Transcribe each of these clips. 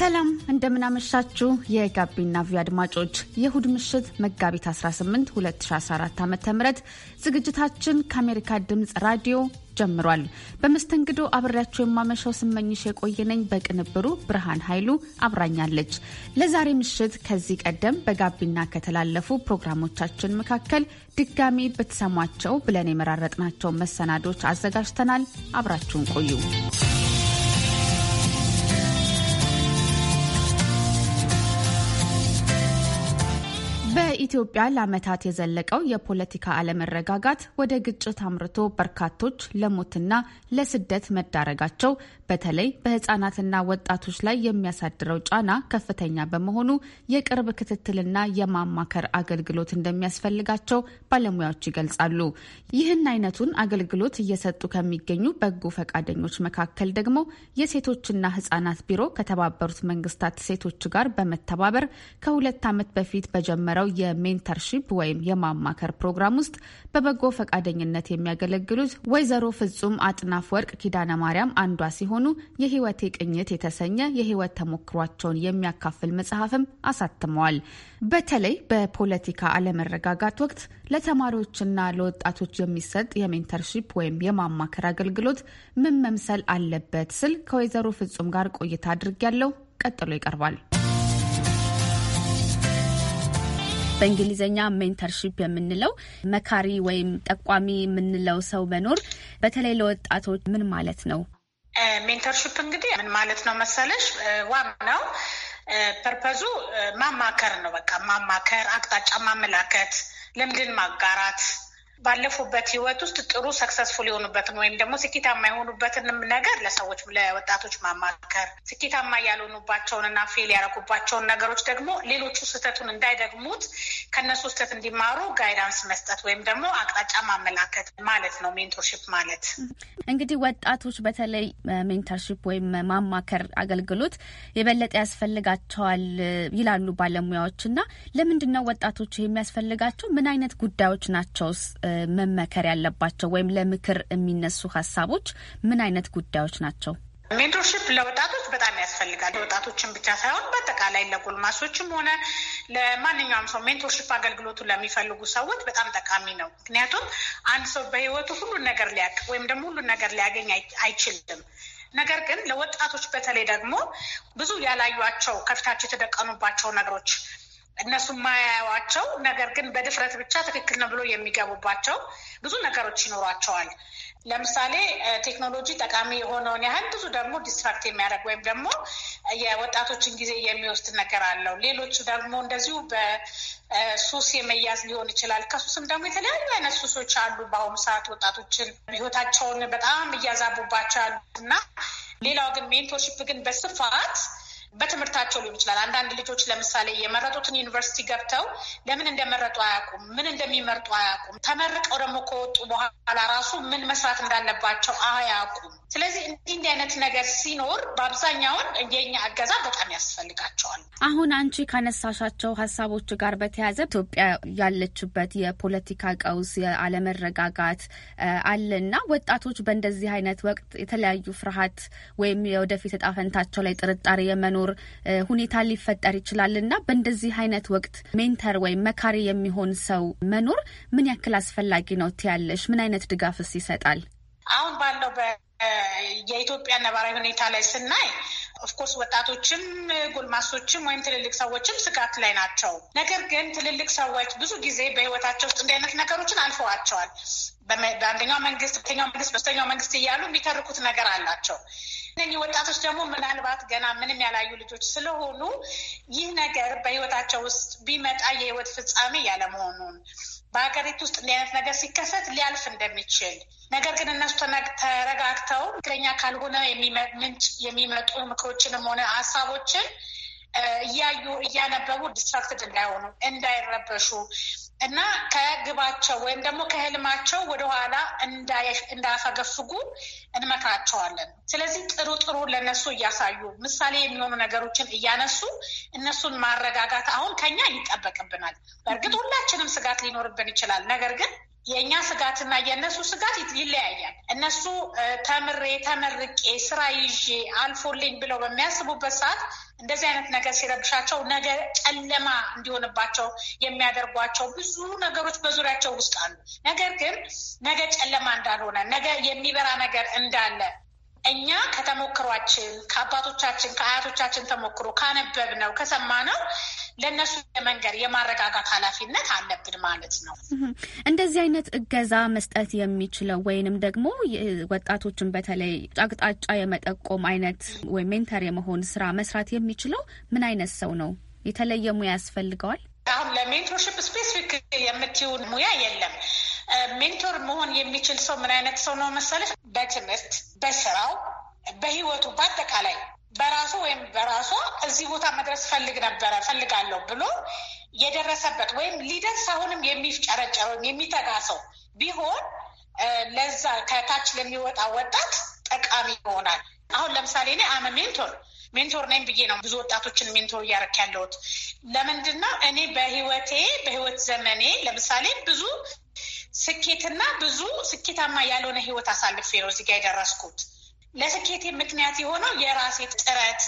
ሰላም እንደምናመሻችሁ የጋቢና ቪ አድማጮች የእሁድ ምሽት መጋቢት 18 2014 ዓ ም ዝግጅታችን ከአሜሪካ ድምፅ ራዲዮ ጀምሯል። በመስተንግዶ አብሬያቸው የማመሻው ስመኝሽ የቆየነኝ፣ በቅንብሩ ብርሃን ኃይሉ አብራኛለች። ለዛሬ ምሽት ከዚህ ቀደም በጋቢና ከተላለፉ ፕሮግራሞቻችን መካከል ድጋሚ ብትሰሟቸው ብለን የመራረጥናቸው መሰናዶች አዘጋጅተናል። አብራችሁን ቆዩ። በኢትዮጵያ ለዓመታት የዘለቀው የፖለቲካ አለመረጋጋት ወደ ግጭት አምርቶ በርካቶች ለሞትና ለስደት መዳረጋቸው በተለይ በህጻናትና ወጣቶች ላይ የሚያሳድረው ጫና ከፍተኛ በመሆኑ የቅርብ ክትትልና የማማከር አገልግሎት እንደሚያስፈልጋቸው ባለሙያዎች ይገልጻሉ። ይህን አይነቱን አገልግሎት እየሰጡ ከሚገኙ በጎ ፈቃደኞች መካከል ደግሞ የሴቶችና ህጻናት ቢሮ ከተባበሩት መንግስታት ሴቶች ጋር በመተባበር ከሁለት ዓመት በፊት በጀመረው የሜንተርሺፕ ወይም የማማከር ፕሮግራም ውስጥ በበጎ ፈቃደኝነት የሚያገለግሉት ወይዘሮ ፍጹም አጥናፍ ወርቅ ኪዳነ ማርያም አንዷ ሲሆኑ በመሆኑ የህይወቴ ቅኝት የተሰኘ የህይወት ተሞክሯቸውን የሚያካፍል መጽሐፍም አሳትመዋል። በተለይ በፖለቲካ አለመረጋጋት ወቅት ለተማሪዎችና ለወጣቶች የሚሰጥ የሜንተርሺፕ ወይም የማማከር አገልግሎት ምን መምሰል አለበት ስል ከወይዘሮ ፍጹም ጋር ቆይታ አድርጌያለሁ። ቀጥሎ ይቀርባል። በእንግሊዝኛ ሜንተርሺፕ የምንለው መካሪ ወይም ጠቋሚ የምንለው ሰው መኖር በተለይ ለወጣቶች ምን ማለት ነው? ሜንተርሽፕ እንግዲህ ምን ማለት ነው መሰለሽ፣ ዋናው ፐርፐዙ ማማከር ነው። በቃ ማማከር፣ አቅጣጫ ማመላከት፣ ልምድን ማጋራት ባለፉበት ህይወት ውስጥ ጥሩ ሰክሰስፉል የሆኑበትን ወይም ደግሞ ስኬታማ የሆኑበትንም ነገር ለሰዎች ለወጣቶች ማማከር ስኬታማ እና ፌል ያደረጉባቸውን ነገሮች ደግሞ ሌሎቹ ስህተቱን እንዳይደግሙት ከነሱ ስህተት እንዲማሩ ጋይዳንስ መስጠት ወይም ደግሞ አቅጣጫ ማመላከት ማለት ነው ሜንቶርሽፕ ማለት። እንግዲህ ወጣቶች በተለይ ሜንተርሺፕ ወይም ማማከር አገልግሎት የበለጠ ያስፈልጋቸዋል ይላሉ ባለሙያዎች። እና ለምንድን ነው ወጣቶች የሚያስፈልጋቸው? ምን አይነት ጉዳዮች ናቸውስ መመከር ያለባቸው ወይም ለምክር የሚነሱ ሀሳቦች ምን አይነት ጉዳዮች ናቸው? ሜንቶርሽፕ ለወጣቶች በጣም ያስፈልጋል። ወጣቶችን ብቻ ሳይሆን በአጠቃላይ ለጎልማሶችም ሆነ ለማንኛውም ሰው ሜንቶርሽፕ አገልግሎቱ ለሚፈልጉ ሰዎች በጣም ጠቃሚ ነው። ምክንያቱም አንድ ሰው በህይወቱ ሁሉን ነገር ሊያቅ ወይም ደግሞ ሁሉን ነገር ሊያገኝ አይችልም። ነገር ግን ለወጣቶች በተለይ ደግሞ ብዙ ያላዩቸው ከፊታቸው የተደቀኑባቸው ነገሮች እነሱ የማያዩዋቸው ነገር ግን በድፍረት ብቻ ትክክል ነው ብሎ የሚገቡባቸው ብዙ ነገሮች ይኖሯቸዋል። ለምሳሌ ቴክኖሎጂ ጠቃሚ የሆነውን ያህል ብዙ ደግሞ ዲስትራክት የሚያደርግ ወይም ደግሞ የወጣቶችን ጊዜ የሚወስድ ነገር አለው። ሌሎች ደግሞ እንደዚሁ በሱስ የመያዝ ሊሆን ይችላል። ከሱስም ደግሞ የተለያዩ አይነት ሱሶች አሉ። በአሁኑ ሰዓት ወጣቶችን ህይወታቸውን በጣም እያዛቡባቸው ያሉት እና ሌላው ግን ሜንቶርሺፕ ግን በስፋት በትምህርታቸው ሊሆን ይችላል። አንዳንድ ልጆች ለምሳሌ የመረጡትን ዩኒቨርሲቲ ገብተው ለምን እንደመረጡ አያውቁም፣ ምን እንደሚመርጡ አያውቁም። ተመርቀው ደግሞ ከወጡ በኋላ ራሱ ምን መስራት እንዳለባቸው አያውቁም። ስለዚህ እንዲህ እንዲህ አይነት ነገር ሲኖር በአብዛኛውን የኛ እገዛ በጣም ያስፈልጋቸዋል። አሁን አንቺ ካነሳሻቸው ሀሳቦች ጋር በተያያዘ ኢትዮጵያ ያለችበት የፖለቲካ ቀውስ፣ የአለመረጋጋት አለ ወጣቶች በእንደዚህ አይነት ወቅት የተለያዩ ፍርሃት ወይም የወደፊት እጣ ፈንታቸው ላይ ጥርጣሬ የመኖር የመኖር ሁኔታ ሊፈጠር ይችላል እና በእንደዚህ አይነት ወቅት ሜንተር ወይም መካሪ የሚሆን ሰው መኖር ምን ያክል አስፈላጊ ነው ትያለሽ? ምን አይነት ድጋፍስ ይሰጣል? አሁን ባለው የኢትዮጵያ ነባራዊ ሁኔታ ላይ ስናይ ኦፍኮርስ ወጣቶችም ጎልማሶችም ወይም ትልልቅ ሰዎችም ስጋት ላይ ናቸው። ነገር ግን ትልልቅ ሰዎች ብዙ ጊዜ በህይወታቸው ውስጥ እንዲህ አይነት ነገሮችን አልፈዋቸዋል። በአንደኛው መንግስት፣ ሁለተኛው መንግስት፣ በሶስተኛው መንግስት እያሉ የሚተርኩት ነገር አላቸው። እነኚህ ወጣቶች ደግሞ ምናልባት ገና ምንም ያላዩ ልጆች ስለሆኑ ይህ ነገር በህይወታቸው ውስጥ ቢመጣ የህይወት ፍጻሜ ያለመሆኑን በሀገሪቱ ውስጥ እንዲህ አይነት ነገር ሲከሰት ሊያልፍ እንደሚችል ነገር ግን እነሱ ተረጋግተው ትክክለኛ ካልሆነ ምንጭ የሚመጡ ምክሮችንም ሆነ ሀሳቦችን እያዩ እያነበቡ ዲስትራክትድ እንዳይሆኑ እንዳይረበሹ እና ከግባቸው ወይም ደግሞ ከህልማቸው ወደኋላ እንዳያፈገፍጉ እንመክራቸዋለን። ስለዚህ ጥሩ ጥሩ ለነሱ እያሳዩ ምሳሌ የሚሆኑ ነገሮችን እያነሱ እነሱን ማረጋጋት አሁን ከኛ ይጠበቅብናል። በእርግጥ ሁላችንም ስጋት ሊኖርብን ይችላል። ነገር ግን የእኛ ስጋትና የእነሱ ስጋት ይለያያል። እነሱ ተምሬ ተመርቄ ስራ ይዤ አልፎልኝ ብለው በሚያስቡበት ሰዓት እንደዚህ አይነት ነገር ሲረብሻቸው ነገ ጨለማ እንዲሆንባቸው የሚያደርጓቸው ብዙ ነገሮች በዙሪያቸው ውስጥ አሉ። ነገር ግን ነገ ጨለማ እንዳልሆነ ነገ የሚበራ ነገር እንዳለ እኛ ከተሞክሯችን ከአባቶቻችን ከአያቶቻችን ተሞክሮ ካነበብነው ከሰማነው ለእነሱ የመንገድ የማረጋጋት ኃላፊነት አለብን ማለት ነው። እንደዚህ አይነት እገዛ መስጠት የሚችለው ወይንም ደግሞ ወጣቶችን በተለይ አቅጣጫ የመጠቆም አይነት ወይም ሜንተር የመሆን ስራ መስራት የሚችለው ምን አይነት ሰው ነው? የተለየ ሙያ ያስፈልገዋል? አሁን ለሜንቶርሽፕ ስፔሲፊክ የምትይውን ሙያ የለም። ሜንቶር መሆን የሚችል ሰው ምን አይነት ሰው ነው መሰለሽ? በትምህርት በስራው በህይወቱ በአጠቃላይ በራሱ ወይም በራሷ እዚህ ቦታ መድረስ ፈልግ ነበረ ፈልጋለሁ ብሎ የደረሰበት ወይም ሊደርስ አሁንም የሚፍጨረጨር ወይም የሚተጋ ሰው ቢሆን ለዛ ከታች ለሚወጣ ወጣት ጠቃሚ ይሆናል። አሁን ለምሳሌ እኔ አመ ሜንቶር ሜንቶር ነኝ ብዬ ነው ብዙ ወጣቶችን ሜንቶር እያደረክ ያለሁት። ለምንድን ነው እኔ በህይወቴ በህይወት ዘመኔ ለምሳሌ ብዙ ስኬትና ብዙ ስኬታማ ያልሆነ ህይወት አሳልፌ ነው እዚጋ የደረስኩት። ለስኬቴ ምክንያት የሆነው የራሴ ጥረት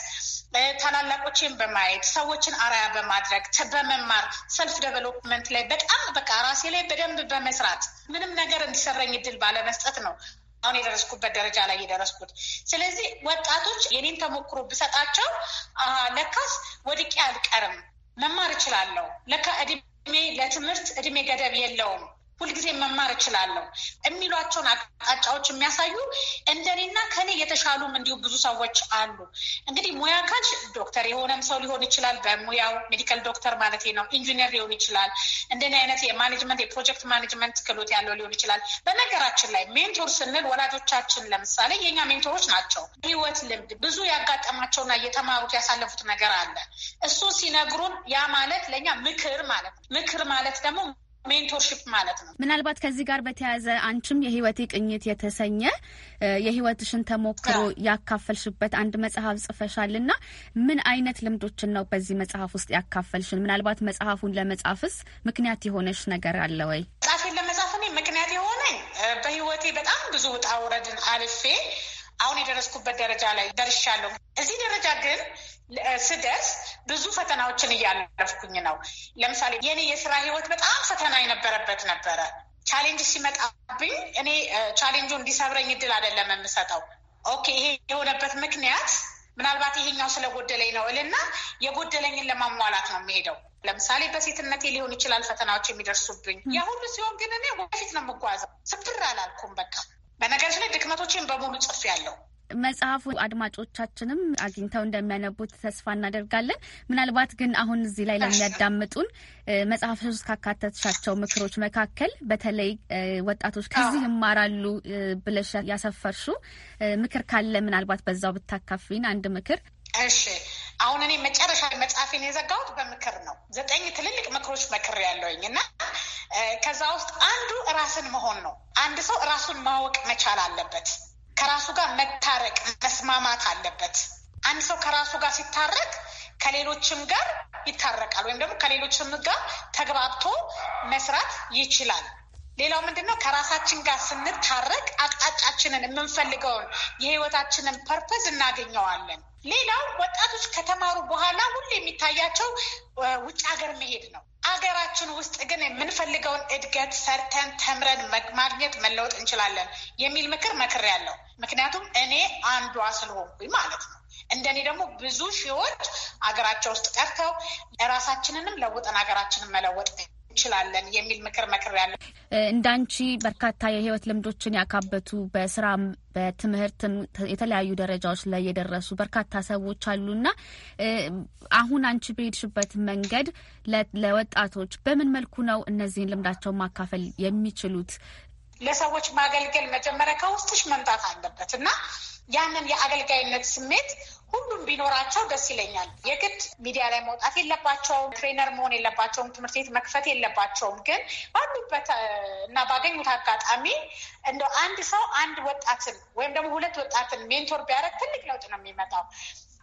ታላላቆችን በማየት ሰዎችን አራያ በማድረግ በመማር ሰልፍ ዴቨሎፕመንት ላይ በጣም በቃ ራሴ ላይ በደንብ በመስራት ምንም ነገር እንዲሰረኝ እድል ባለመስጠት ነው አሁን የደረስኩበት ደረጃ ላይ የደረስኩት። ስለዚህ ወጣቶች የኔን ተሞክሮ ብሰጣቸው ለካስ ወድቄ አልቀርም፣ መማር እችላለሁ፣ ለካ እድሜ ለትምህርት እድሜ ገደብ የለውም ሁልጊዜ መማር እችላለሁ የሚሏቸውን አቅጣጫዎች የሚያሳዩ እንደኔና ከኔ የተሻሉም እንዲሁ ብዙ ሰዎች አሉ። እንግዲህ ሙያ ካች ዶክተር የሆነም ሰው ሊሆን ይችላል። በሙያው ሜዲካል ዶክተር ማለት ነው። ኢንጂነር ሊሆን ይችላል። እንደኔ አይነት የማኔጅመንት የፕሮጀክት ማኔጅመንት ክህሎት ያለው ሊሆን ይችላል። በነገራችን ላይ ሜንቶር ስንል ወላጆቻችን ለምሳሌ የኛ ሜንቶሮች ናቸው። ህይወት ልምድ ብዙ ያጋጠማቸውና እየተማሩት ያሳለፉት ነገር አለ። እሱ ሲነግሩን ያ ማለት ለእኛ ምክር ማለት ምክር ማለት ደግሞ ሜንቶርሽፕ ማለት ነው። ምናልባት ከዚህ ጋር በተያያዘ አንቺም የህይወቴ ቅኝት የተሰኘ የህይወትሽን ተሞክሮ ያካፈልሽበት አንድ መጽሐፍ ጽፈሻል እና ምን አይነት ልምዶችን ነው በዚህ መጽሐፍ ውስጥ ያካፈልሽን? ምናልባት መጽሐፉን ለመጻፍስ ምክንያት የሆነሽ ነገር አለ ወይ? መጽሐፌን ለመጻፍ እኔ ምክንያት የሆነኝ በህይወቴ በጣም ብዙ ውጣ ውረድን አልፌ አሁን የደረስኩበት ደረጃ ላይ ደርሻለሁ። እዚህ ደረጃ ግን ስደርስ ብዙ ፈተናዎችን እያለፍኩኝ ነው። ለምሳሌ የኔ የስራ ህይወት በጣም ፈተና የነበረበት ነበረ። ቻሌንጅ ሲመጣብኝ እኔ ቻሌንጁ እንዲሰብረኝ እድል አይደለም የምሰጠው። ኦኬ ይሄ የሆነበት ምክንያት ምናልባት ይሄኛው ስለጎደለኝ ነው እልና የጎደለኝን ለማሟላት ነው የሚሄደው። ለምሳሌ በሴትነቴ ሊሆን ይችላል ፈተናዎች የሚደርሱብኝ። ያ ሁሉ ሲሆን ግን እኔ ወደፊት ነው የምጓዘው። ስብር አላልኩም። በቃ በነገርሽ ላይ ድክመቶችን በሙሉ ጽፍ ያለው መጽሐፉ አድማጮቻችንም አግኝተው እንደሚያነቡት ተስፋ እናደርጋለን። ምናልባት ግን አሁን እዚህ ላይ ለሚያዳምጡን መጽሐፍ ውስጥ ካካተትሻቸው ምክሮች መካከል በተለይ ወጣቶች ከዚህ ይማራሉ ብለሽ ያሰፈርሹ ምክር ካለ ምናልባት በዛው ብታካፊን አንድ ምክር። እሺ፣ አሁን እኔ መጨረሻ መጽሐፌን የዘጋሁት በምክር ነው። ዘጠኝ ትልልቅ ምክሮች መክር ያለውኝ እና ከዛ ውስጥ አንዱ ራስን መሆን ነው። አንድ ሰው ራሱን ማወቅ መቻል አለበት። ከራሱ ጋር መታረቅ፣ መስማማት አለበት። አንድ ሰው ከራሱ ጋር ሲታረቅ ከሌሎችም ጋር ይታረቃል፣ ወይም ደግሞ ከሌሎችም ጋር ተግባብቶ መስራት ይችላል። ሌላው ምንድን ነው? ከራሳችን ጋር ስንታረቅ አቅጣጫችንን የምንፈልገውን የህይወታችንን ፐርፐዝ እናገኘዋለን። ሌላው ወጣቶች ከተማሩ በኋላ ሁሉ የሚታያቸው ውጭ ሀገር መሄድ ነው። አገራችን ውስጥ ግን የምንፈልገውን እድገት ሰርተን ተምረን ማግኘት መለወጥ እንችላለን የሚል ምክር መክር ያለው ምክንያቱም እኔ አንዷ ስለሆንኩኝ ማለት ነው። እንደኔ ደግሞ ብዙ ሺዎች አገራቸው ውስጥ ቀርተው ራሳችንንም ለውጠን ሀገራችንን መለወጥ እንችላለን የሚል ምክር መክር ያለ እንዳንቺ በርካታ የህይወት ልምዶችን ያካበቱ በስራም በትምህርትም የተለያዩ ደረጃዎች ላይ የደረሱ በርካታ ሰዎች አሉና አሁን አንቺ በሄድሽበት መንገድ ለወጣቶች በምን መልኩ ነው እነዚህን ልምዳቸውን ማካፈል የሚችሉት? ለሰዎች ማገልገል መጀመሪያ ከውስጥሽ መምጣት አለበት እና ያንን የአገልጋይነት ስሜት ሁሉም ቢኖራቸው ደስ ይለኛል። የግድ ሚዲያ ላይ መውጣት የለባቸውም፣ ትሬነር መሆን የለባቸውም፣ ትምህርት ቤት መክፈት የለባቸውም። ግን ባሉበት እና ባገኙት አጋጣሚ እንደ አንድ ሰው አንድ ወጣትን ወይም ደግሞ ሁለት ወጣትን ሜንቶር ቢያደርግ ትልቅ ለውጥ ነው የሚመጣው።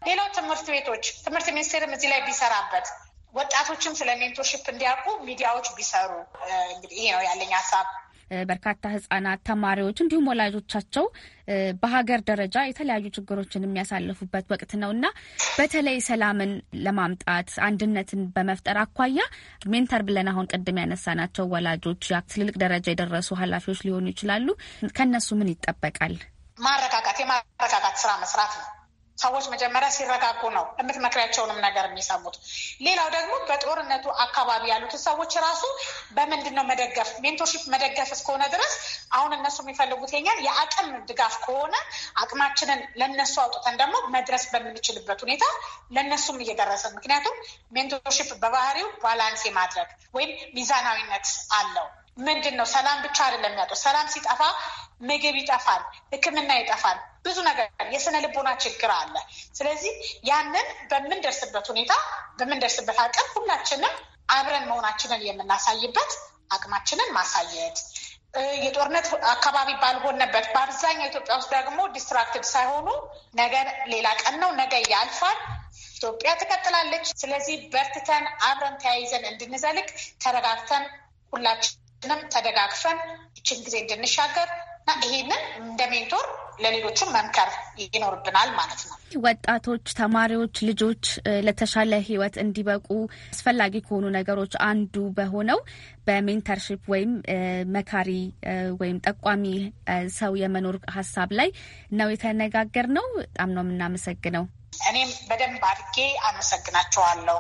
ሌላው ትምህርት ቤቶች ትምህርት ሚኒስቴርም እዚህ ላይ ቢሰራበት ወጣቶችም ስለ ሜንቶርሽፕ እንዲያውቁ ሚዲያዎች ቢሰሩ። እንግዲህ ይሄ ነው ያለኝ ሀሳብ። በርካታ ህጻናት፣ ተማሪዎች እንዲሁም ወላጆቻቸው በሀገር ደረጃ የተለያዩ ችግሮችን የሚያሳልፉበት ወቅት ነው እና በተለይ ሰላምን ለማምጣት አንድነትን በመፍጠር አኳያ ሜንተር ብለን አሁን ቅድም ያነሳናቸው ወላጆች፣ ትልልቅ ደረጃ የደረሱ ኃላፊዎች ሊሆኑ ይችላሉ። ከነሱ ምን ይጠበቃል? ማረጋጋት የማረጋጋት ስራ መስራት ነው። ሰዎች መጀመሪያ ሲረጋጉ ነው የምትመክሪያቸውንም ነገር የሚሰሙት። ሌላው ደግሞ በጦርነቱ አካባቢ ያሉትን ሰዎች ራሱ በምንድን ነው መደገፍ፣ ሜንቶርሺፕ መደገፍ እስከሆነ ድረስ አሁን እነሱ የሚፈልጉት የኛን የአቅም ድጋፍ ከሆነ አቅማችንን ለነሱ አውጥተን ደግሞ መድረስ በምንችልበት ሁኔታ ለነሱም እየደረሰ ምክንያቱም ሜንቶርሺፕ በባህሪው ባላንስ የማድረግ ወይም ሚዛናዊነት አለው። ምንድን ነው ሰላም ብቻ አይደለም የሚያጠው። ሰላም ሲጠፋ ምግብ ይጠፋል፣ ሕክምና ይጠፋል፣ ብዙ ነገር የስነ ልቦና ችግር አለ። ስለዚህ ያንን በምንደርስበት ሁኔታ በምንደርስበት አቅም ሁላችንም አብረን መሆናችንን የምናሳይበት አቅማችንን ማሳየት የጦርነት አካባቢ ባልሆነበት በአብዛኛው ኢትዮጵያ ውስጥ ደግሞ ዲስትራክትድ ሳይሆኑ ነገ ሌላ ቀን ነው፣ ነገ ያልፋል፣ ኢትዮጵያ ትቀጥላለች። ስለዚህ በርትተን አብረን ተያይዘን እንድንዘልቅ ተረጋግተን ሁላችን ምንም ተደጋግፈን እችን ጊዜ እንድንሻገር እና ይሄንን እንደ ሜንቶር ለሌሎችም መምከር ይኖርብናል ማለት ነው። ወጣቶች፣ ተማሪዎች፣ ልጆች ለተሻለ ህይወት እንዲበቁ አስፈላጊ ከሆኑ ነገሮች አንዱ በሆነው በሜንተርሽፕ ወይም መካሪ ወይም ጠቋሚ ሰው የመኖር ሀሳብ ላይ ነው የተነጋገር ነው። በጣም ነው የምናመሰግነው። እኔም በደንብ አድርጌ አመሰግናቸዋለሁ።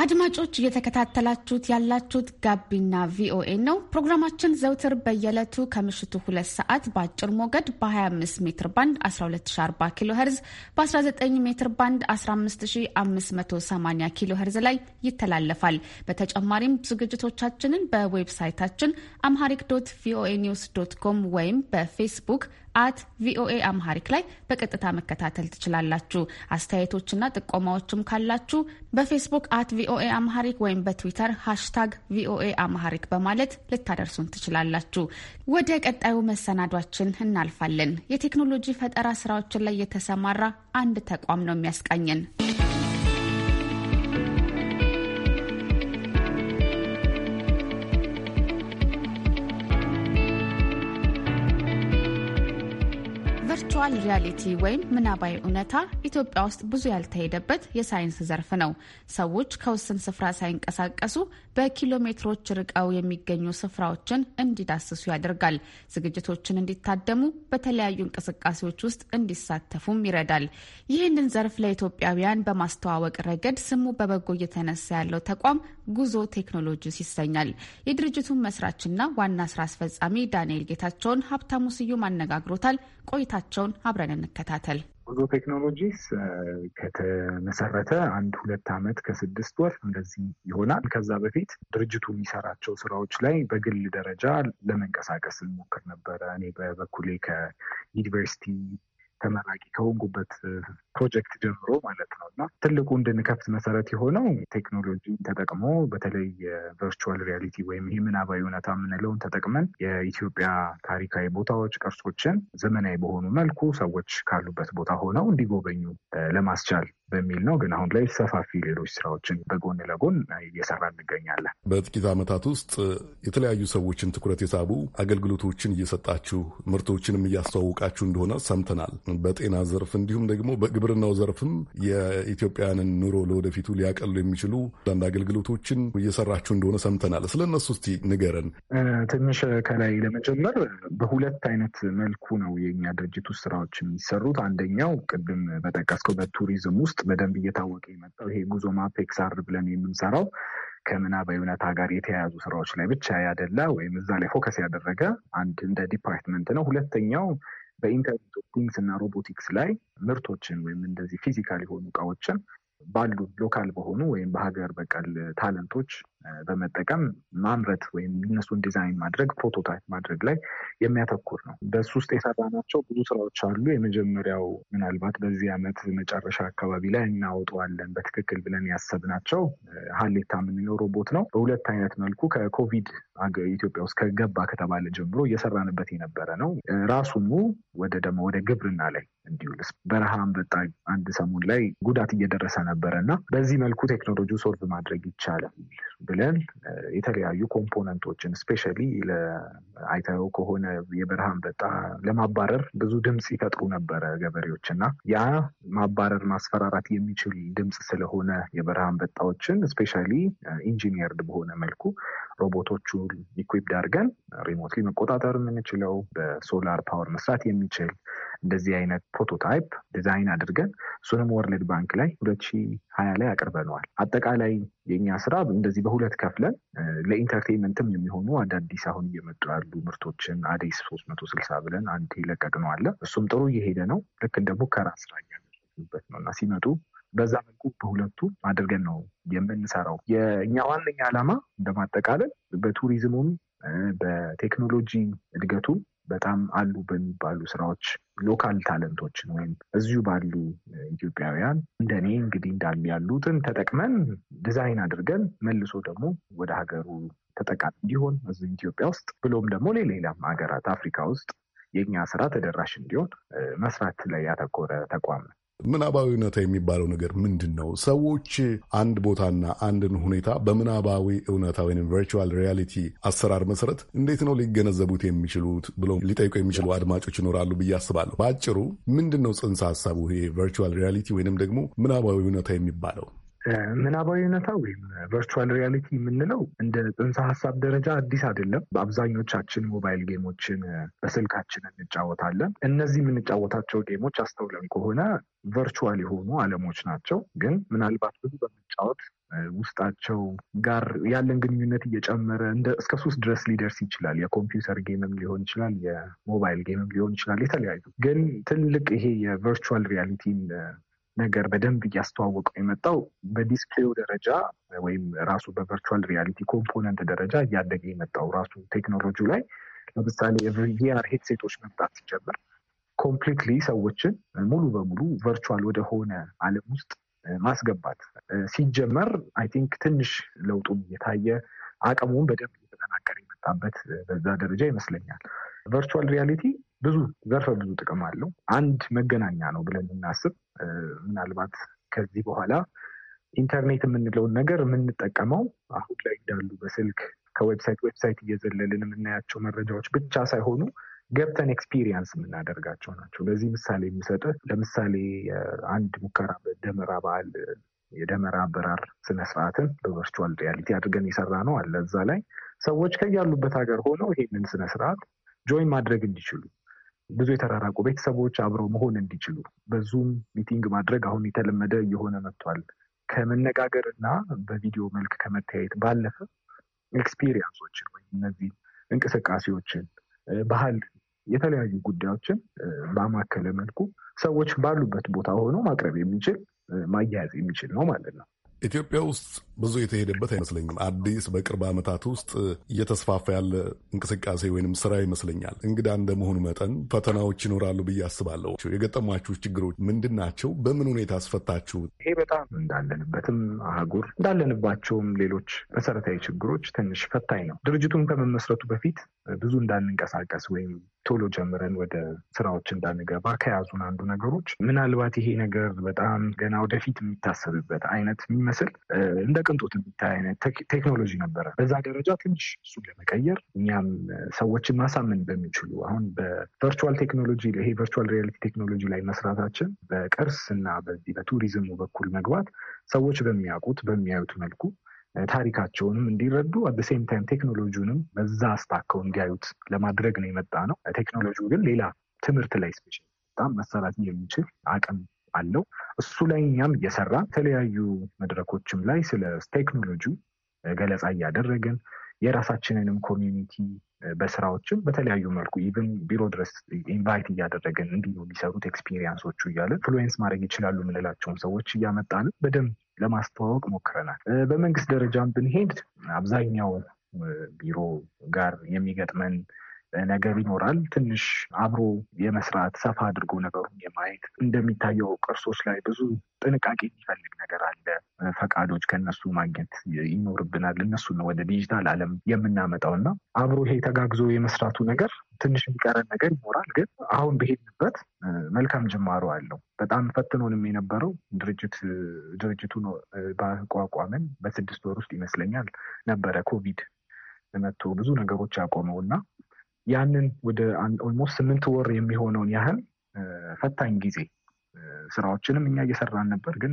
አድማጮች እየተከታተላችሁት ያላችሁት ጋቢና ቪኦኤ ነው። ፕሮግራማችን ዘውትር በየዕለቱ ከምሽቱ ሁለት ሰዓት በአጭር ሞገድ በ25 ሜትር ባንድ 1240 ኪሎ ሄርዝ በ19 ሜትር ባንድ 15580 ኪሎ ሄርዝ ላይ ይተላለፋል። በተጨማሪም ዝግጅቶቻችንን በዌብሳይታችን አምሃሪክ ዶት ቪኦኤ ኒውስ ዶት ኮም ወይም በፌስቡክ አት ቪኦኤ አምሃሪክ ላይ በቀጥታ መከታተል ትችላላችሁ። አስተያየቶችና ጥቆማዎችም ካላችሁ በፌስቡክ አት ቪኦኤ አምሃሪክ ወይም በትዊተር ሃሽታግ ቪኦኤ አምሃሪክ በማለት ልታደርሱን ትችላላችሁ። ወደ ቀጣዩ መሰናዷችን እናልፋለን። የቴክኖሎጂ ፈጠራ ስራዎችን ላይ የተሰማራ አንድ ተቋም ነው የሚያስቃኘን። ቨርቹዋል ሪያሊቲ ወይም ምናባዊ እውነታ ኢትዮጵያ ውስጥ ብዙ ያልተሄደበት የሳይንስ ዘርፍ ነው። ሰዎች ከውስን ስፍራ ሳይንቀሳቀሱ በኪሎሜትሮች ርቀው የሚገኙ ስፍራዎችን እንዲዳስሱ ያደርጋል። ዝግጅቶችን እንዲታደሙ፣ በተለያዩ እንቅስቃሴዎች ውስጥ እንዲሳተፉም ይረዳል። ይህንን ዘርፍ ለኢትዮጵያውያን በማስተዋወቅ ረገድ ስሙ በበጎ እየተነሳ ያለው ተቋም ጉዞ ቴክኖሎጂስ ይሰኛል። የድርጅቱን መስራችና ዋና ስራ አስፈጻሚ ዳንኤል ጌታቸውን ሀብታሙ ስዩም አነጋግሮታል። ቆይታቸውን አብረን እንከታተል። ጉዞ ቴክኖሎጂስ ከተመሰረተ አንድ ሁለት ዓመት ከስድስት ወር እንደዚህ ይሆናል። ከዛ በፊት ድርጅቱ የሚሰራቸው ስራዎች ላይ በግል ደረጃ ለመንቀሳቀስ እንሞክር ነበረ። እኔ በበኩሌ ከዩኒቨርሲቲ ተመራቂ ከሆንኩበት ፕሮጀክት ጀምሮ ማለት ነው እና ትልቁ እንድንከፍት መሰረት የሆነው ቴክኖሎጂ ተጠቅሞ በተለይ የቨርቹዋል ሪያሊቲ ወይም የምናባዊ እውነታ የምንለውን ተጠቅመን የኢትዮጵያ ታሪካዊ ቦታዎች፣ ቅርሶችን ዘመናዊ በሆኑ መልኩ ሰዎች ካሉበት ቦታ ሆነው እንዲጎበኙ ለማስቻል በሚል ነው። ግን አሁን ላይ ሰፋፊ ሌሎች ስራዎችን በጎን ለጎን እየሰራ እንገኛለን። በጥቂት ዓመታት ውስጥ የተለያዩ ሰዎችን ትኩረት የሳቡ አገልግሎቶችን እየሰጣችሁ ምርቶችንም እያስተዋወቃችሁ እንደሆነ ሰምተናል። በጤና ዘርፍ እንዲሁም ደግሞ በግብር በግብርናው ዘርፍም የኢትዮጵያውያንን ኑሮ ለወደፊቱ ሊያቀሉ የሚችሉ አንዳንድ አገልግሎቶችን እየሰራችሁ እንደሆነ ሰምተናል። ስለ እነሱ እስቲ ንገረን ትንሽ። ከላይ ለመጀመር በሁለት አይነት መልኩ ነው የኛ ድርጅት ውስጥ ስራዎች የሚሰሩት። አንደኛው ቅድም በጠቀስከው በቱሪዝም ውስጥ በደንብ እየታወቀ የመጣው ይሄ ጉዞ ማፔክሳር ብለን የምንሰራው ከምናባዊ እውነታ ጋር የተያያዙ ስራዎች ላይ ብቻ ያደላ ወይም እዛ ላይ ፎከስ ያደረገ አንድ እንደ ዲፓርትመንት ነው። ሁለተኛው በኢንተርኔት ኦፍ ቲንግስ እና ሮቦቲክስ ላይ ምርቶችን ወይም እንደዚህ ፊዚካል የሆኑ እቃዎችን ባሉ ሎካል በሆኑ ወይም በሀገር በቀል ታለንቶች በመጠቀም ማምረት ወይም እነሱን ዲዛይን ማድረግ ፕሮቶታይፕ ማድረግ ላይ የሚያተኩር ነው። በሱ ውስጥ የሰራናቸው ብዙ ስራዎች አሉ። የመጀመሪያው ምናልባት በዚህ ዓመት መጨረሻ አካባቢ ላይ እናወጠዋለን በትክክል ብለን ናቸው ሀሌታ የምንለው ሮቦት ነው። በሁለት አይነት መልኩ ከኮቪድ ኢትዮጵያ ውስጥ ከገባ ከተባለ ጀምሮ እየሰራንበት የነበረ ነው። ራሱኑ ወደ ደግሞ ወደ ግብርና ላይ እንዲውልስ በረሃ አንበጣ አንድ ሰሙን ላይ ጉዳት እየደረሰ ነበረ እና በዚህ መልኩ ቴክኖሎጂ ሶልቭ ማድረግ ይቻላል ብለን የተለያዩ ኮምፖነንቶችን ስፔሻሊ አይተው ከሆነ የበረሃ አንበጣ ለማባረር ብዙ ድምፅ ይፈጥሩ ነበረ ገበሬዎች እና ያ ማባረር ማስፈራራት የሚችል ድምፅ ስለሆነ የበረሃ አንበጣዎችን ስፔሻሊ ኢንጂኒየርድ በሆነ መልኩ ሮቦቶቹ ኢኩዊፕድ አድርገን ሪሞትሊ መቆጣጠር የምንችለው በሶላር ፓወር መስራት የሚችል እንደዚህ አይነት ፕሮቶታይፕ ዲዛይን አድርገን እሱንም ወርልድ ባንክ ላይ ሁለት ሺህ ሀያ ላይ አቅርበነዋል። አጠቃላይ የእኛ ስራ እንደዚህ በሁለት ከፍለን ለኢንተርቴንመንትም የሚሆኑ አዳዲስ አሁን እየመጡ ያሉ ምርቶችን አዲስ ሶስት መቶ ስልሳ ብለን አንድ የለቀቅነው አለ። እሱም ጥሩ እየሄደ ነው። ልክ እንደ ሙከራ ስራ እያደረግንበት ነው እና ሲመጡ በዛ መልኩ በሁለቱ አድርገን ነው የምንሰራው። የእኛ ዋነኛ ዓላማ እንደማጠቃለል በቱሪዝሙም በቴክኖሎጂ እድገቱም በጣም አሉ በሚባሉ ስራዎች ሎካል ታለንቶችን ወይም እዚሁ ባሉ ኢትዮጵያውያን እንደኔ እንግዲህ እንዳሉ ያሉትን ተጠቅመን ዲዛይን አድርገን መልሶ ደግሞ ወደ ሀገሩ ተጠቃሚ እንዲሆን እዚህ ኢትዮጵያ ውስጥ ብሎም ደግሞ ሌላም ሀገራት አፍሪካ ውስጥ የእኛ ስራ ተደራሽ እንዲሆን መስራት ላይ ያተኮረ ተቋም ነው። እውነታ የሚባለው ነገር ምንድን ነው? ሰዎች አንድ ቦታና አንድን ሁኔታ በምናባዊ እውነታ ወይም ቨርቹዋል ሪያሊቲ አሰራር መሰረት እንዴት ነው ሊገነዘቡት የሚችሉት ብሎ ሊጠይቁ የሚችሉ አድማጮች ይኖራሉ ብዬ አስባለሁ። በአጭሩ ምንድን ነው ጽንሰ ሀሳቡ ይሄ ቨርቹዋል ሪያሊቲ ወይንም ደግሞ ምናባዊ እውነታ የሚባለው? ምናባዊነታ ወይም ቨርቹዋል ሪያሊቲ የምንለው እንደ ጽንሰ ሀሳብ ደረጃ አዲስ አይደለም። በአብዛኞቻችን ሞባይል ጌሞችን በስልካችን እንጫወታለን። እነዚህ የምንጫወታቸው ጌሞች አስተውለን ከሆነ ቨርቹዋል የሆኑ ዓለሞች ናቸው። ግን ምናልባት ብዙ በመጫወት ውስጣቸው ጋር ያለን ግንኙነት እየጨመረ እስከ ሶስት ድረስ ሊደርስ ይችላል። የኮምፒውተር ጌምም ሊሆን ይችላል፣ የሞባይል ጌምም ሊሆን ይችላል። የተለያዩ ግን ትልቅ ይሄ የቨርቹዋል ሪያሊቲን ነገር በደንብ እያስተዋወቀው የመጣው በዲስፕሌው ደረጃ ወይም ራሱ በቨርቹዋል ሪያሊቲ ኮምፖነንት ደረጃ እያደገ የመጣው ራሱ ቴክኖሎጂ ላይ ለምሳሌ ቪአር ሄድሴቶች መምጣት ሲጀምር ኮምፕሊትሊ ሰዎችን ሙሉ በሙሉ ቨርቹዋል ወደሆነ አለም ውስጥ ማስገባት ሲጀመር አይ ቲንክ ትንሽ ለውጡም እየታየ አቅሙም በደንብ እየተጠናከረ የመጣበት በዛ ደረጃ ይመስለኛል። ቨርቹዋል ሪያሊቲ ብዙ ዘርፈ ብዙ ጥቅም አለው። አንድ መገናኛ ነው ብለን እናስብ። ምናልባት ከዚህ በኋላ ኢንተርኔት የምንለውን ነገር የምንጠቀመው አሁን ላይ እንዳሉ በስልክ ከዌብሳይት ዌብሳይት እየዘለልን የምናያቸው መረጃዎች ብቻ ሳይሆኑ ገብተን ኤክስፒሪየንስ የምናደርጋቸው ናቸው። ለዚህ ምሳሌ የሚሰጥ ለምሳሌ አንድ ሙከራ በደመራ በዓል የደመራ አበራር ስነስርዓትን በቨርቹዋል ሪያሊቲ አድርገን የሰራ ነው አለ እዛ ላይ ሰዎች ከያሉበት ሀገር ሆነው ይሄንን ስነስርዓት ጆይን ማድረግ እንዲችሉ ብዙ የተራራቁ ቤተሰቦች አብረው መሆን እንዲችሉ በዙም ሚቲንግ ማድረግ አሁን የተለመደ እየሆነ መጥቷል። ከመነጋገር እና በቪዲዮ መልክ ከመተያየት ባለፈ ኤክስፒሪየንሶችን ወይም እነዚህ እንቅስቃሴዎችን፣ ባህል፣ የተለያዩ ጉዳዮችን በማከለ መልኩ ሰዎች ባሉበት ቦታ ሆኖ ማቅረብ የሚችል ማያያዝ የሚችል ነው ማለት ነው። ኢትዮጵያ ውስጥ ብዙ የተሄደበት አይመስለኝም። አዲስ በቅርብ ዓመታት ውስጥ እየተስፋፋ ያለ እንቅስቃሴ ወይንም ስራ ይመስለኛል። እንግዳ እንደመሆኑ መጠን ፈተናዎች ይኖራሉ ብዬ አስባለሁ። የገጠሟችሁ ችግሮች ምንድን ናቸው? በምን ሁኔታ አስፈታችሁ? ይሄ በጣም እንዳለንበትም አህጉር እንዳለንባቸውም ሌሎች መሰረታዊ ችግሮች ትንሽ ፈታኝ ነው። ድርጅቱን ከመመስረቱ በፊት ብዙ እንዳንንቀሳቀስ ወይም ቶሎ ጀምረን ወደ ስራዎች እንዳንገባ ከያዙን አንዱ ነገሮች ምናልባት ይሄ ነገር በጣም ገና ወደፊት የሚታሰብበት አይነት የሚመስል እንደ ቅንጦት የሚታይ አይነት ቴክኖሎጂ ነበረ። በዛ ደረጃ ትንሽ እሱን ለመቀየር እኛም ሰዎችን ማሳመን በሚችሉ አሁን በቨርቹዋል ቴክኖሎጂ ይሄ ቨርቹዋል ሪያሊቲ ቴክኖሎጂ ላይ መስራታችን በቅርስ እና በዚህ በቱሪዝሙ በኩል መግባት ሰዎች በሚያውቁት በሚያዩት መልኩ ታሪካቸውንም እንዲረዱ አደሴም ታይም ቴክኖሎጂውንም በዛ አስታከው እንዲያዩት ለማድረግ ነው የመጣ ነው። ቴክኖሎጂው ግን ሌላ ትምህርት ላይ ስፔሻል በጣም መሰራት የሚችል አቅም አለው። እሱ ላይ እኛም እየሰራ የተለያዩ መድረኮችም ላይ ስለ ቴክኖሎጂ ገለጻ እያደረግን የራሳችንንም ኮሚዩኒቲ በስራዎችም በተለያዩ መልኩ ኢቨን ቢሮ ድረስ ኢንቫይት እያደረግን እንዲህ ነው የሚሰሩት ኤክስፒሪየንሶቹ እያለ ኢንፍሉዌንስ ማድረግ ይችላሉ የምንላቸውን ሰዎች እያመጣን በደንብ ለማስተዋወቅ ሞክረናል። በመንግስት ደረጃም ብንሄድ አብዛኛው ቢሮ ጋር የሚገጥመን ነገር ይኖራል። ትንሽ አብሮ የመስራት ሰፋ አድርጎ ነገሩን የማየት እንደሚታየው ቅርሶች ላይ ብዙ ጥንቃቄ የሚፈልግ ነገር አለ። ፈቃዶች ከነሱ ማግኘት ይኖርብናል። እነሱ ነው ወደ ዲጂታል ዓለም የምናመጣው እና አብሮ ይሄ ተጋግዞ የመስራቱ ነገር ትንሽ የሚቀረን ነገር ይኖራል። ግን አሁን በሄድንበት መልካም ጅማሮ አለው። በጣም ፈትኖንም የነበረው ድርጅት ድርጅቱን ባቋቋመን በስድስት ወር ውስጥ ይመስለኛል ነበረ ኮቪድ መጥቶ ብዙ ነገሮች ያቆመው እና ያንን ወደ ኦልሞስት ስምንት ወር የሚሆነውን ያህል ፈታኝ ጊዜ ስራዎችንም እኛ እየሰራን ነበር። ግን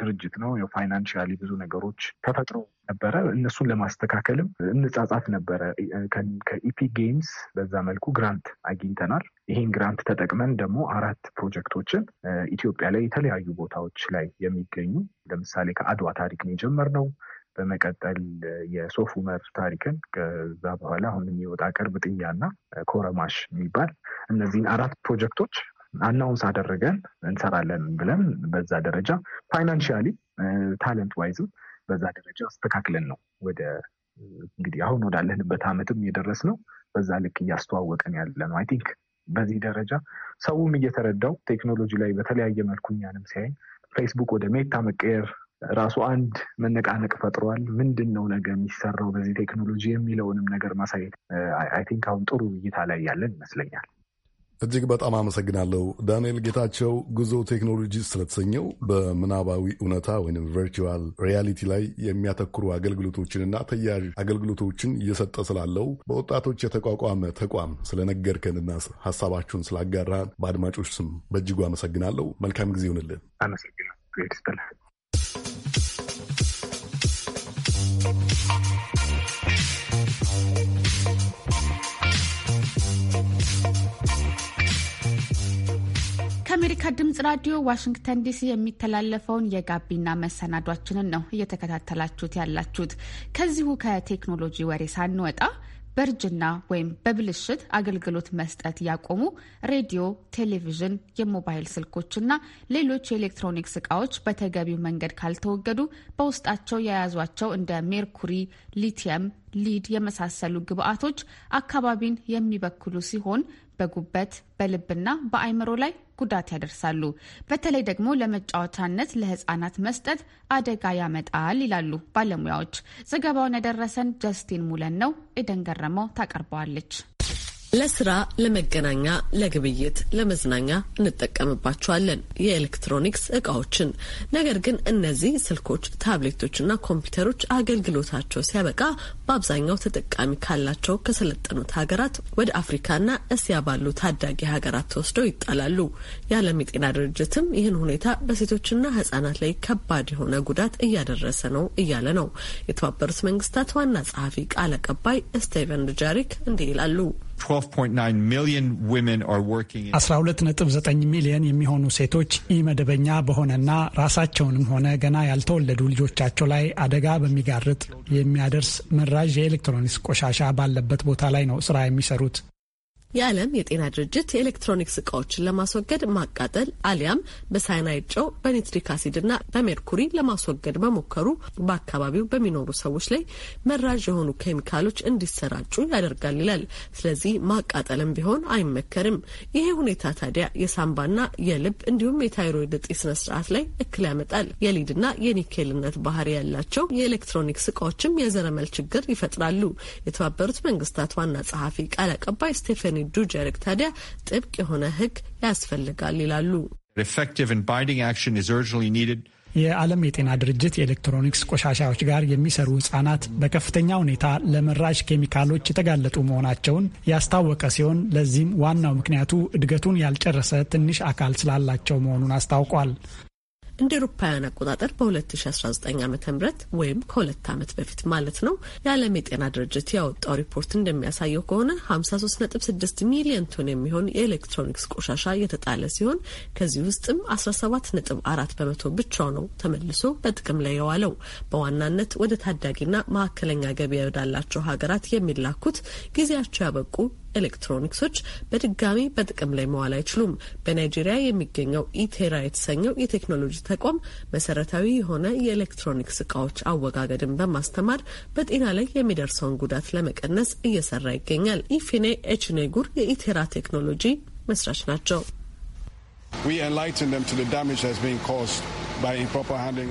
ድርጅት ነው የፋይናንሽያሊ ብዙ ነገሮች ተፈጥሮ ነበረ። እነሱን ለማስተካከልም እንጻጻፍ ነበረ። ከኢፒ ጌምስ በዛ መልኩ ግራንት አግኝተናል። ይህን ግራንት ተጠቅመን ደግሞ አራት ፕሮጀክቶችን ኢትዮጵያ ላይ የተለያዩ ቦታዎች ላይ የሚገኙ ለምሳሌ ከአድዋ ታሪክ ነው የጀመርነው በመቀጠል የሶፍ ውመር ታሪክን ከዛ በኋላ አሁን የሚወጣ ቅርብ ጥያና ኮረማሽ የሚባል እነዚህን አራት ፕሮጀክቶች አናውንስ አደረገን እንሰራለን ብለን በዛ ደረጃ ፋይናንሽያሊ ታለንት ዋይዝም በዛ ደረጃ አስተካክለን ነው ወደ እንግዲህ አሁን ወዳለንበት ዓመትም የደረስ ነው። በዛ ልክ እያስተዋወቀን ያለ ነው። አይ ቲንክ በዚህ ደረጃ ሰውም እየተረዳው ቴክኖሎጂ ላይ በተለያየ መልኩ እኛንም ሲያይን ፌስቡክ ወደ ሜታ መቀየር ራሱ አንድ መነቃነቅ ፈጥሯል። ምንድን ነው ነገ የሚሰራው በዚህ ቴክኖሎጂ የሚለውንም ነገር ማሳየት አይ ቲንክ አሁን ጥሩ እይታ ላይ ያለን ይመስለኛል። እጅግ በጣም አመሰግናለሁ ዳንኤል ጌታቸው። ጉዞ ቴክኖሎጂ ስለተሰኘው በምናባዊ እውነታ ወይም ቨርቹዋል ሪያሊቲ ላይ የሚያተኩሩ አገልግሎቶችንና ተያያዥ አገልግሎቶችን እየሰጠ ስላለው በወጣቶች የተቋቋመ ተቋም ስለነገርከንና ሀሳባችሁን ስላጋራን በአድማጮች ስም በእጅጉ አመሰግናለሁ። መልካም ጊዜ ይሁንልን። አመሰግናለሁ። ከአሜሪካ ድምጽ ራዲዮ ዋሽንግተን ዲሲ የሚተላለፈውን የጋቢና መሰናዷችንን ነው እየተከታተላችሁት ያላችሁት። ከዚሁ ከቴክኖሎጂ ወሬ ሳንወጣ በእርጅና ወይም በብልሽት አገልግሎት መስጠት ያቆሙ ሬዲዮ፣ ቴሌቪዥን፣ የሞባይል እና ሌሎች የኤሌክትሮኒክስ እቃዎች በተገቢው መንገድ ካልተወገዱ በውስጣቸው የያዟቸው እንደ ሜርኩሪ፣ ሊቲየም ሊድ የመሳሰሉ ግብአቶች አካባቢን የሚበክሉ ሲሆን በጉበት በልብና በአይምሮ ላይ ጉዳት ያደርሳሉ። በተለይ ደግሞ ለመጫወቻነት ለህፃናት መስጠት አደጋ ያመጣል ይላሉ ባለሙያዎች። ዘገባውን የደረሰን ጀስቲን ሙለን ነው። ኤደን ገረመው ታቀርበዋለች። ለስራ፣ ለመገናኛ፣ ለግብይት፣ ለመዝናኛ እንጠቀምባቸዋለን የኤሌክትሮኒክስ እቃዎችን። ነገር ግን እነዚህ ስልኮች፣ ታብሌቶችና ኮምፒውተሮች አገልግሎታቸው ሲያበቃ በአብዛኛው ተጠቃሚ ካላቸው ከሰለጠኑት ሀገራት ወደ አፍሪካና እስያ ባሉ ታዳጊ ሀገራት ተወስደው ይጣላሉ። የዓለም የጤና ድርጅትም ይህን ሁኔታ በሴቶችና ህጻናት ላይ ከባድ የሆነ ጉዳት እያደረሰ ነው እያለ ነው። የተባበሩት መንግስታት ዋና ጸሐፊ ቃል አቀባይ ስቴቨን ዱጃሪክ እንዲህ ይላሉ። 12.9 ሚሊዮን የሚሆኑ ሴቶች ኢመደበኛ በሆነና ራሳቸውንም ሆነ ገና ያልተወለዱ ልጆቻቸው ላይ አደጋ በሚጋርጥ የሚያደርስ መራዥ የኤሌክትሮኒክስ ቆሻሻ ባለበት ቦታ ላይ ነው ስራ የሚሰሩት። የዓለም የጤና ድርጅት የኤሌክትሮኒክስ እቃዎችን ለማስወገድ ማቃጠል አሊያም በሳይናይድ ጨው፣ በኒትሪክ አሲድ በሜርኩሪ ለማስወገድ መሞከሩ በአካባቢው በሚኖሩ ሰዎች ላይ መራዥ የሆኑ ኬሚካሎች እንዲሰራጩ ያደርጋል ይላል። ስለዚህ ማቃጠልም ቢሆን አይመከርም። ይሄ ሁኔታ ታዲያ የሳምባና የልብ እንዲሁም የታይሮይድ እጢ ስነ ስርዓት ላይ እክል ያመጣል። የሊድና የኒኬልነት ባህሪ ያላቸው የኤሌክትሮኒክስ እቃዎችም የዘረመል ችግር ይፈጥራሉ። የተባበሩት መንግስታት ዋና ጸሐፊ ቃል አቀባይ ስቴፈኒ ዱጀሪክ ታዲያ ጥብቅ የሆነ ህግ ያስፈልጋል ይላሉ። የዓለም የጤና ድርጅት የኤሌክትሮኒክስ ቆሻሻዎች ጋር የሚሰሩ ህጻናት በከፍተኛ ሁኔታ ለመራሽ ኬሚካሎች የተጋለጡ መሆናቸውን ያስታወቀ ሲሆን ለዚህም ዋናው ምክንያቱ እድገቱን ያልጨረሰ ትንሽ አካል ስላላቸው መሆኑን አስታውቋል። እንደ ኤሮፓውያን አቆጣጠር በ2019 ዓ ም ወይም ከሁለት ዓመት በፊት ማለት ነው የዓለም የጤና ድርጅት ያወጣው ሪፖርት እንደሚያሳየው ከሆነ 536 ሚሊዮን ቶን የሚሆን የኤሌክትሮኒክስ ቆሻሻ የተጣለ ሲሆን ከዚህ ውስጥም 17.4 በመቶ ብቻው ነው ተመልሶ በጥቅም ላይ የዋለው። በዋናነት ወደ ታዳጊና መካከለኛ ገቢ ወዳላቸው ሀገራት የሚላኩት ጊዜያቸው ያበቁ ኤሌክትሮኒክሶች በድጋሚ በጥቅም ላይ መዋል አይችሉም። በናይጄሪያ የሚገኘው ኢቴራ የተሰኘው የቴክኖሎጂ ተቋም መሰረታዊ የሆነ የኤሌክትሮኒክስ እቃዎች አወጋገድን በማስተማር በጤና ላይ የሚደርሰውን ጉዳት ለመቀነስ እየሰራ ይገኛል። ኢፊኔ ኤችኔጉር የኢቴራ ቴክኖሎጂ መስራች ናቸው።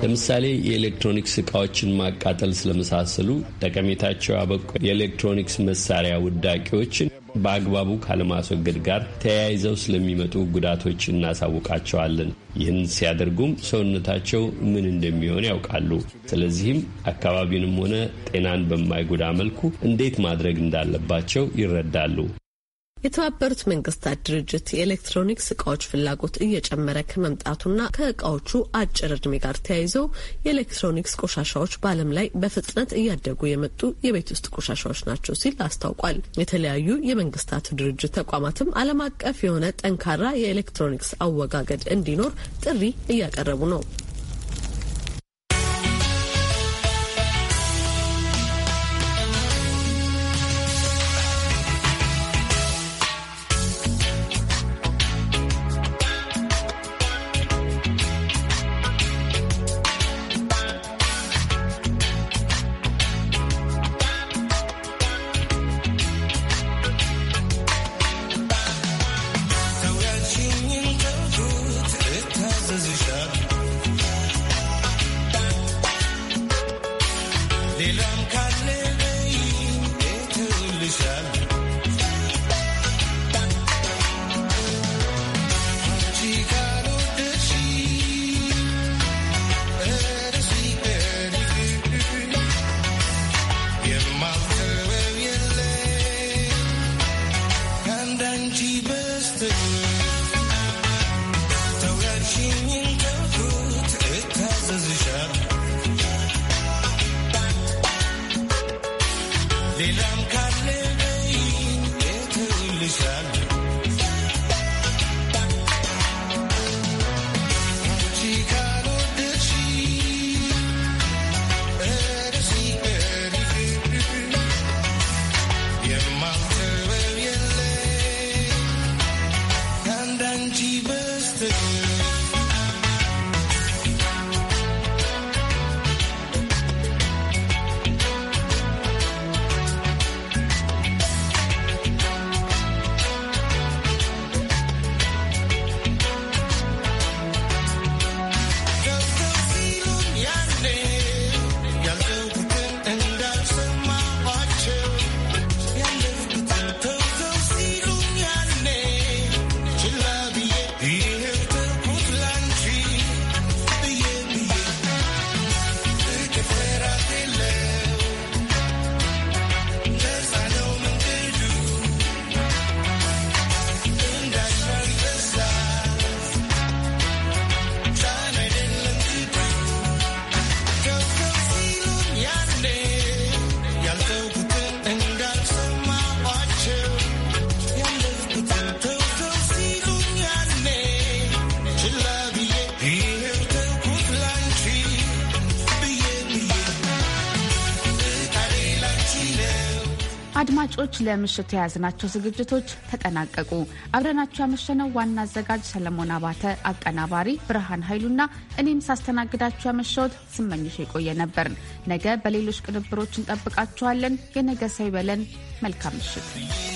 ለምሳሌ የኤሌክትሮኒክስ እቃዎችን ማቃጠል ስለመሳሰሉ ጠቀሜታቸው ያበቁ የኤሌክትሮኒክስ መሳሪያ ውዳቂዎችን በአግባቡ ካለማስወገድ ጋር ተያይዘው ስለሚመጡ ጉዳቶች እናሳውቃቸዋለን። ይህን ሲያደርጉም ሰውነታቸው ምን እንደሚሆን ያውቃሉ። ስለዚህም አካባቢንም ሆነ ጤናን በማይጎዳ መልኩ እንዴት ማድረግ እንዳለባቸው ይረዳሉ። የተባበሩት መንግስታት ድርጅት የኤሌክትሮኒክስ እቃዎች ፍላጎት እየጨመረ ከመምጣቱና ከእቃዎቹ አጭር እድሜ ጋር ተያይዞ የኤሌክትሮኒክስ ቆሻሻዎች በዓለም ላይ በፍጥነት እያደጉ የመጡ የቤት ውስጥ ቆሻሻዎች ናቸው ሲል አስታውቋል። የተለያዩ የመንግስታት ድርጅት ተቋማትም ዓለም አቀፍ የሆነ ጠንካራ የኤሌክትሮኒክስ አወጋገድ እንዲኖር ጥሪ እያቀረቡ ነው። አድማጮች ለምሽቱ የያዝናቸው ዝግጅቶች ተጠናቀቁ። አብረናቸው ያመሸነው ዋና አዘጋጅ ሰለሞን አባተ፣ አቀናባሪ ብርሃን ኃይሉና እኔም ሳስተናግዳችሁ ያመሸሁት ስመኝሽ የቆየ ነበርን። ነገ በሌሎች ቅንብሮች እንጠብቃችኋለን። የነገ ሰው ይበለን። መልካም ምሽት።